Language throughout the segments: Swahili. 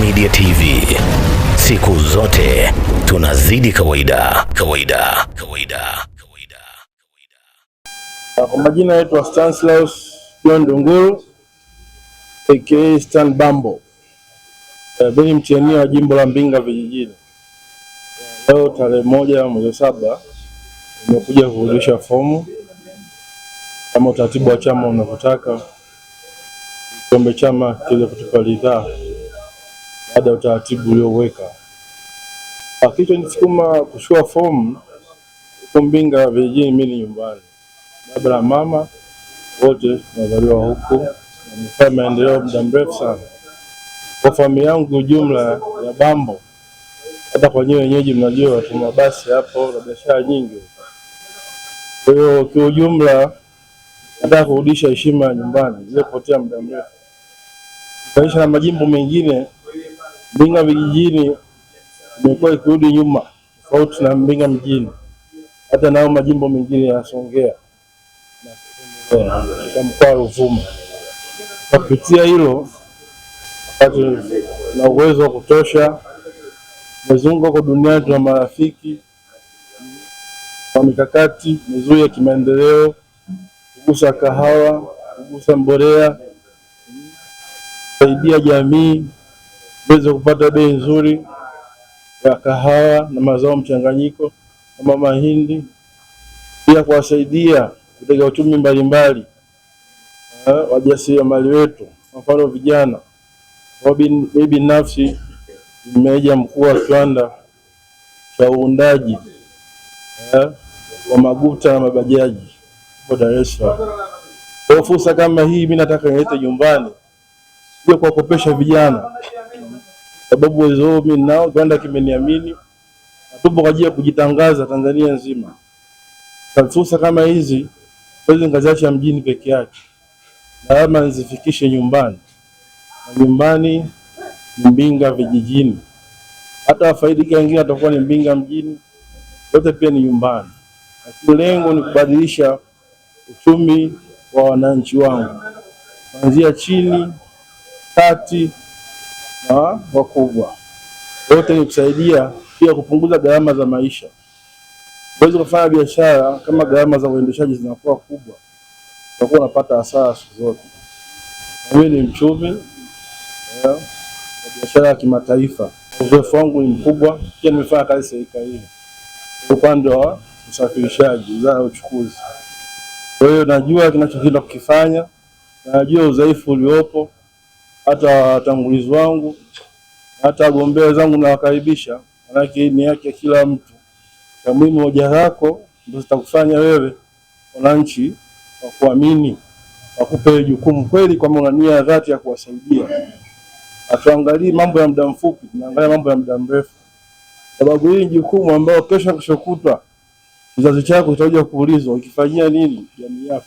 Media TV, siku zote tunazidi kawaida kawaida kawaida kawaida kawaida. Kwa majina yetu Stanislaus John Dunguru aka Stan Bambo, eh, mimi mtiania wa jimbo la Mbinga vijijini. Eh, leo tarehe moja mwezi saba nimekuja kurudisha fomu kama utaratibu wa chama unavyotaka, kiombe chama kiweze kutupa ridhaa baada ya utaratibu ulioweka. Ah, kilichonisukuma kuchukua fomu huko Mbinga vijijini, mimi ni nyumbani, baba na mama wote nazaliwa huku, nimefanya maendeleo muda mrefu sana kwa familia yangu jumla ya Bambo. Hata kwa nyewe wenyeji, mnajua tuna mabasi hapo na biashara nyingi. Kwa hiyo kiujumla, nataka kurudisha heshima ya nyumbani iliyopotea muda mrefu, kuanisha na majimbo mengine Mbinga vijijini imekuwa ikirudi nyuma tofauti na Mbinga mjini, hata nao majimbo mengine ya Songea mkoa wa Ruvuma. Kupitia hilo ambacho na uwezo wa kutosha, mezungu kwa duniani, tuna marafiki kwa mikakati mizuri ya kimaendeleo, kugusa kahawa, kugusa mbolea, saidia jamii uweze kupata bei nzuri ya kahawa na mazao mchanganyiko kama mahindi, pia kuwasaidia kutega uchumi mbalimbali eh, wajasiriamali wetu, kwa mfano vijana. Mimi binafsi meneja mkuu wa kiwanda cha uundaji eh, wa maguta na mabajaji huko Dar es Salaam. Kwa fursa kama hii, mimi nataka nilete nyumbani, sio kuwakopesha vijana sababu wezo huo mimi nao, kiwanda kimeniamini, tupo kwa ajili ya kujitangaza Tanzania nzima. Fursa kama hizi siwezi nikaziacha mjini peke yake, lazima nizifikishe nyumbani, na nyumbani Mbinga vijijini. Hata wafaidika wengine watakuwa ni Mbinga mjini, yote pia ni nyumbani, lakini lengo ni kubadilisha uchumi wa wananchi wangu kuanzia chini, kati na wakubwa. wote, kusaidia pia kupunguza gharama za maisha. uwezi kufanya biashara kama gharama za uendeshaji zinakuwa kubwa, utakuwa unapata hasara siku zote. Mimi ni mchumi eh, biashara ya kimataifa. Uzoefu wangu ni mkubwa, pia nimefanya kazi serikalini upande wa usafirishaji, wizara ya uchukuzi. Kwa hiyo najua kinachohitajika kukifanya, najua udhaifu uliopo hata watangulizi wangu hata wagombea zangu nawakaribisha, manake ni yake kila mtu. Cha muhimu hoja zako ndio zitakufanya wewe wananchi wakuamini, wakupe jukumu kweli, kwamba una nia dhati ya kuwasaidia. Hatuangalii mambo ya muda mfupi, tunaangalia mambo ya muda mrefu, sababu hii jukumu ambayo kesho keshokutwa kizazi chako kitakuja kuulizwa ukifanyia nini jamii yako.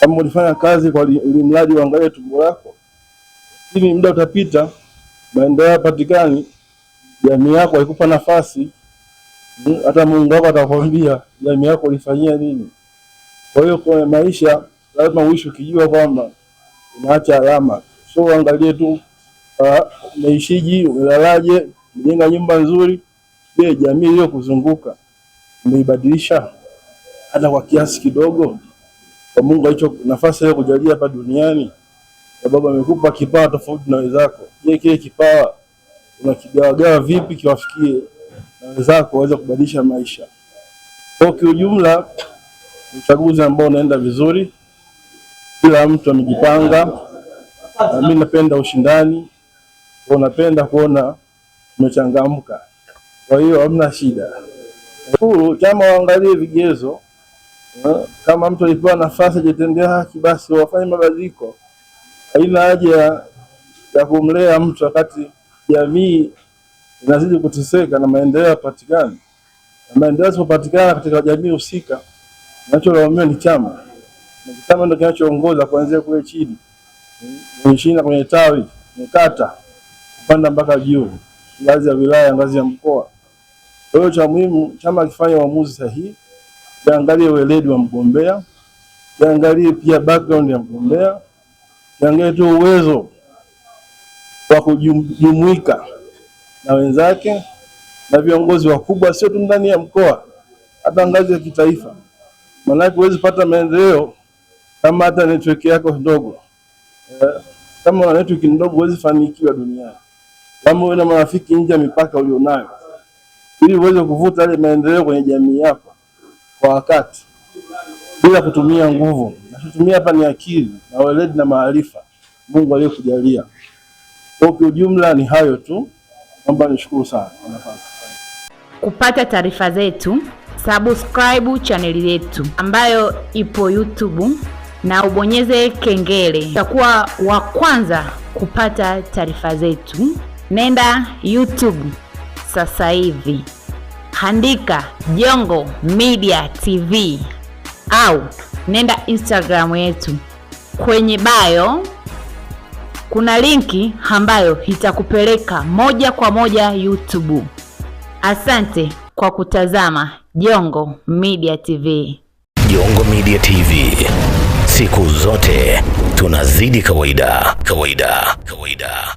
Kama ulifanya kazi kwa mradi, uangalie tumbo lako hivi muda utapita, maendeleo yapatikani, jamii yako haikupa nafasi, hata Mungu wako atakwambia jamii yako ulifanyia nini. Kwa hiyo kwa maisha lazima uishi ukijua kwamba unaacha alama, so uangalie tu ah, umeishiji, umelalaje, umejenga nyumba nzuri. Je, jamii iliyokuzunguka umeibadilisha hata kwa kiasi kidogo, kwa Mungu alicho nafasi kujalia hapa duniani sababu amekupa kipawa tofauti na wenzako. Je, kile kipawa unakigawagawa vipi kiwafikie na wenzako waweze kubadilisha maisha? Kwa kiujumla, uchaguzi ambao unaenda vizuri, kila mtu amejipanga, na mimi napenda ushindani, napenda kuona umechangamka, kwa hiyo hamna shida. Huru chama waangalie vigezo, eh, kama mtu alipewa nafasi ajitendea haki, basi wafanye mabadiliko haina haja ya kumlea mtu wakati jamii inazidi kuteseka na maendeleo yapatikani, na maendeleo yasipopatikana katika jamii husika, kinacholaumiwa ni chama, na chama ndio kinachoongoza kuanzia kule chini kwenye shina, kwenye tawi, kwenye kata, kupanda mpaka juu, ngazi ya wilaya, ngazi ya mkoa. Kwa hiyo cha muhimu chama akifanya uamuzi sahihi, kiangalie weledi wa mgombea, kiangalie pia background ya mgombea jangie tu uwezo wa kujumuika na wenzake na viongozi wakubwa, sio tu ndani ya mkoa, hata ngazi ya kitaifa. Maanake huwezi pata maendeleo kama hata network yako ndogo. Eh, kama una network ndogo, huwezi fanikiwa duniani. Kama una marafiki nje ya mipaka ulionayo, ili uweze kuvuta yale maendeleo kwenye jamii yako kwa wakati bila kutumia nguvu. Nachotumia hapa ni akili na weledi na maarifa Mungu aliyokujalia. Kwa ujumla ni hayo tu, naomba nishukuru sana kupata taarifa zetu. Subscribe chaneli yetu ambayo ipo YouTube na ubonyeze kengele, utakuwa wa kwanza kupata taarifa zetu. Nenda YouTube sasa hivi, andika Jongo Media TV au nenda Instagram yetu kwenye bio kuna linki ambayo itakupeleka moja kwa moja YouTube. Asante kwa kutazama Jongo Media TV. Jongo Media TV, siku zote tunazidi kawaida kawaida kawaida.